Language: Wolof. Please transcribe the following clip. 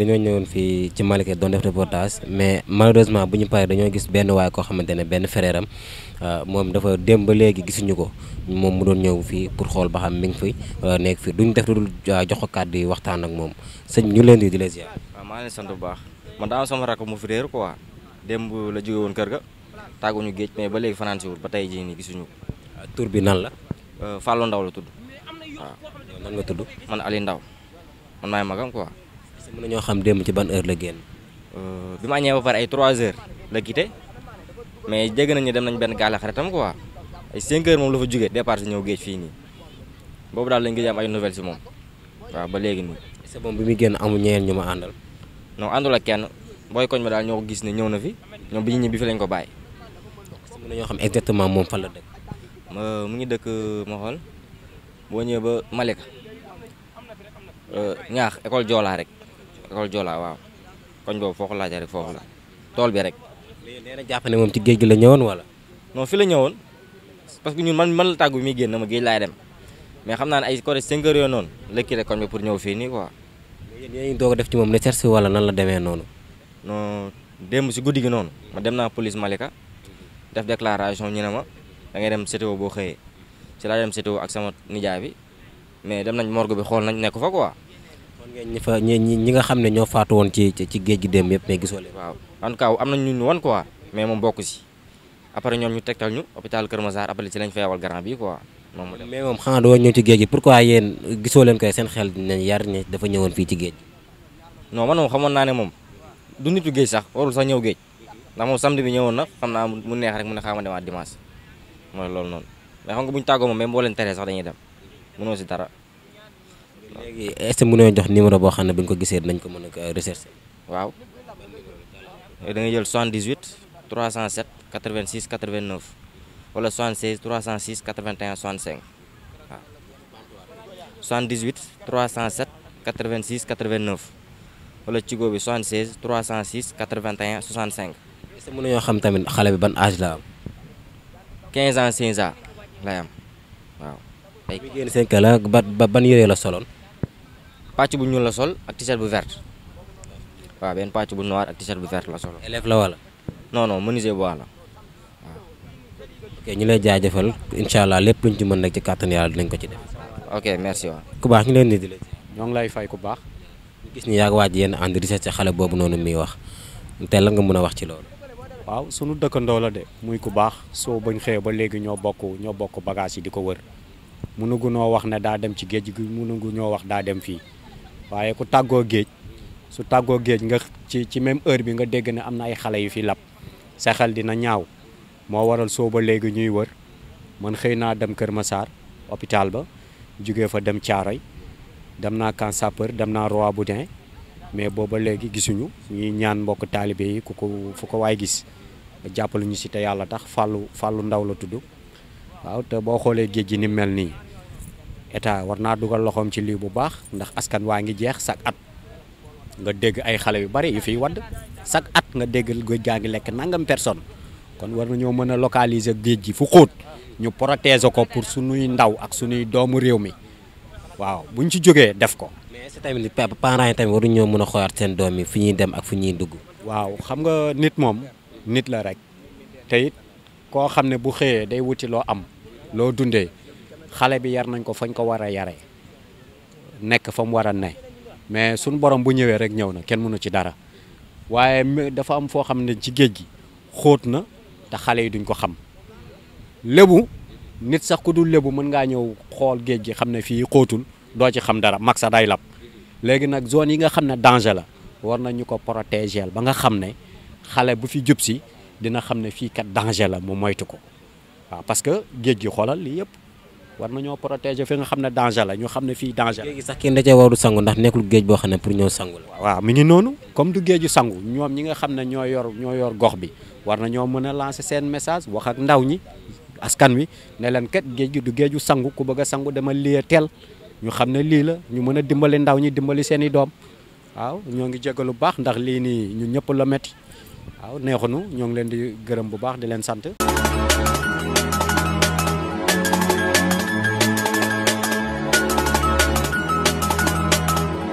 dañoo ñëwoon fii ci Malika doon def reportage mais malheureusement bu ñu paree dañoo gis benn waay koo xamante ne benn frère euh, moom dafa dem ba léegi gisuñu ko moom mu doon ñëw fii pour xool ba xam mi ngi fi nekk fii duñ def lu dul euh, jox ko kàddu yi waxtaan ak moom sëñ ñu leen di di les ziar. Ah, maa leen sant bu baax man daa sama rakk mu fi ko waa démb la jóge woon kër ga tàgguñu géej mais ba léegi fanaan wul ba tey jii nii gisuñu ko. Euh, tur bi nan la. Fallou Ndaw la tudd waaw. Ah, nan nga tudd. man Aliou Ndaw man maay magam quoi. si mën ñoo xam démb ci ban heure la génn. Euh, bi ma añee ba pare ay trois heures la quitté mais dégg nañu dem nañ benn gaal xaritam quoi ay 5 heures moom la fa jugee départ si ñëw géej fii nii boobu daal lañ gëj am ay nouvelles si moom waaw ba léegi nii. est-ce bi muy génn amul ñeneen ñu ma àndal. non àndul a kenn booy koñ ma daal ñoo gis ne ñëw na fi ñoom bi ñu ñibbi fi lañ ko bàyyi. est-ce que mën nañoo xam exactement moom fan la dëkk. mu ngi dëkk ma xool boo ñëwee ba Malika ñaax euh, école Joola rek. loolu Joola waaw koñ boobu foo ko laajee rek foofu la tool bi rek. léegi nee jàpp ne moom ci géej gi la ñëwoon wala. non fi la ñëwoon parce que ñun man man la tàggu bi muy génn ma géej laa dem mais xam naa ne ay côté 5 heures noonu la kii rek pour ñëw fii nii quoi. yéen def ci moom recherche wala nan la demee noonu. noo démb si guddi gi noonu ma dem naa police Malika def déclaration ñu ne ma da ngay dem CTO boo xëyee ci laa dem CTO ak sama nijaa bi mais dem nañ morgo bi xool nañ nekk fa quoi. ñi fa ñi nga xam ne ñoo faatu woon ci ci géej gi démb yëpp mais gisoo leen waaw en tout cas am nañ ñun wan quoi mais moom bokk si après ñoom ñu tegtal ñu hôpital Kër Massar après ci lañ fa yawal grand bi quoi moom mais moom xanaa doo ñëw ci géej gi pourquoi ne dafa ñëwoon fii ci géej gi non man moom xamoon naa ne moom du nitu géej sax warul sax ñëw géej ndax moom samedi bi ñëwoon na xam naa mu neex rek mu ne xaama demaat dimanche mooy loolu noonu mais xam nga bu ñu tàggoo moom même boo leen teree sax dañuy dem mënoo si dara léegi est ce que mënoo jox numéro boo xam ne bu ñu ko gisee nañ ko mën a euh, rechercher. waaw eh, da ngay jël 78 307 86 89 wala 76 306 81 65 waaw 78 307 86 89 wala ci góob bi 76 306 81 65. est ce que mënuñoo xam tamit xale bi ban âge la am. 15 ans 15 ans lay am waaw. tey bi ngeen seen kër la ban ban yére la soloon. pàcc bu ñuul la sol ak t bu vert waaw benn pàcc bu noir ak t bu vert la sol. élève la wala. non non menuisier bois la waaw. ok ñu lay jaajëfal incha allah lépp luñ ci mën nag ci kàttan yàlla dinañ ko ci dem ok merci waaw. ku baax ñu leen di di la ñoo ngi lay fay ku baax. gis ni yaa ngi waaj yéen ànd recherche ci xale boobu noonu muy wax te la nga mën a wax ci loolu. waaw sunu dëkkandoo la de muy ku baax soo bañ xëyee ba léegi ñoo bokk ñoo bokk bagage yi di ko wër mënugu ñoo wax ne daa dem ci géej gi mënugu ñoo wax daa dem fii. waaye ku tàggoo géej su tàggoo géej nga ci ci même heure bi nga dégg ne am na ay xale yu fi lab sa xel dina ñaaw moo waral soo ba léegi ñuy wër man xëy naa dem Kër masaar hôpital ba jóge fa dem Thiaroy dem naa Camp Sapeur dem naa Roi Baudouin mais booba léegi gisuñu ñuy ñaan mbokk taalibe yi ku ko fu ko waay gis jàppale ñu si te yàlla tax fàllu fàllu ndaw la tudd waaw te boo xoolee géej gi ni mel nii état war naa dugal loxoom ci lii bu baax ndax askan waa ngi jeex chaque at nga dégg ay xale yu bari yu fiy wadd chaque at nga dégg géej gaa ngi lekk nangam personne kon war na ñoo mën a localiser géej gi fu xóot ñu protéger ko pour suñuy ndaw ak suñuy doomu réew mi waaw buñ ci jógee def ko. mais si tamit parents yi tamit waruñoo mën a xoolaat seen doom yi fu ñuy dem ak fu ñuy dugg. waaw xam nga nit moom nit la rek te koo xam ne bu xëyee day wuti loo am loo dundee. xale bi yar nañ ko fañ ko war a yare nekk fa mu war a ne mais suñ borom bu ñëwee rek ñëw na kenn mënu ci dara waaye dafa am foo xam ne ci géej gi xóot na te xale yi duñ ko xam lébu nit sax ku dul lébu mën ngaa ñëw xool géej gi xam ne fii xóotul doo ci xam dara mag sax day lab léegi nag zone yi nga xam ne danger la war nañu ko protéger ba nga xam ne xale bu fi jub si dina xam ne fii kat danger la mu moytu ko waaw parce que géej gi xoolal lii yëpp war nañoo protéger fi nga xam ne danger la ñu xam ne fii danger la. léegi sax kenn da cee warul sangu ndax nekkul géej boo xam ne pour ñëw sangu la. waaw mi ngi noonu comme du géeju sangu ñoom ñi nga xam ne ñoo yor ñoo yor gox bi war na ñoo mën a lancer seen message wax ak ndaw ñi askan wi ne leen kat géej gi du géeju sangu ku bëgg a sangu dama lii teel ñu xam ne lii la ñu mën a dimbali ndaw ñi dimbali seen i doom waaw ñoo ngi jegal lu baax ndax lii nii ñu ñëpp la métti waaw neexunu ñoo ngi leen di gërëm bu baax di leen sant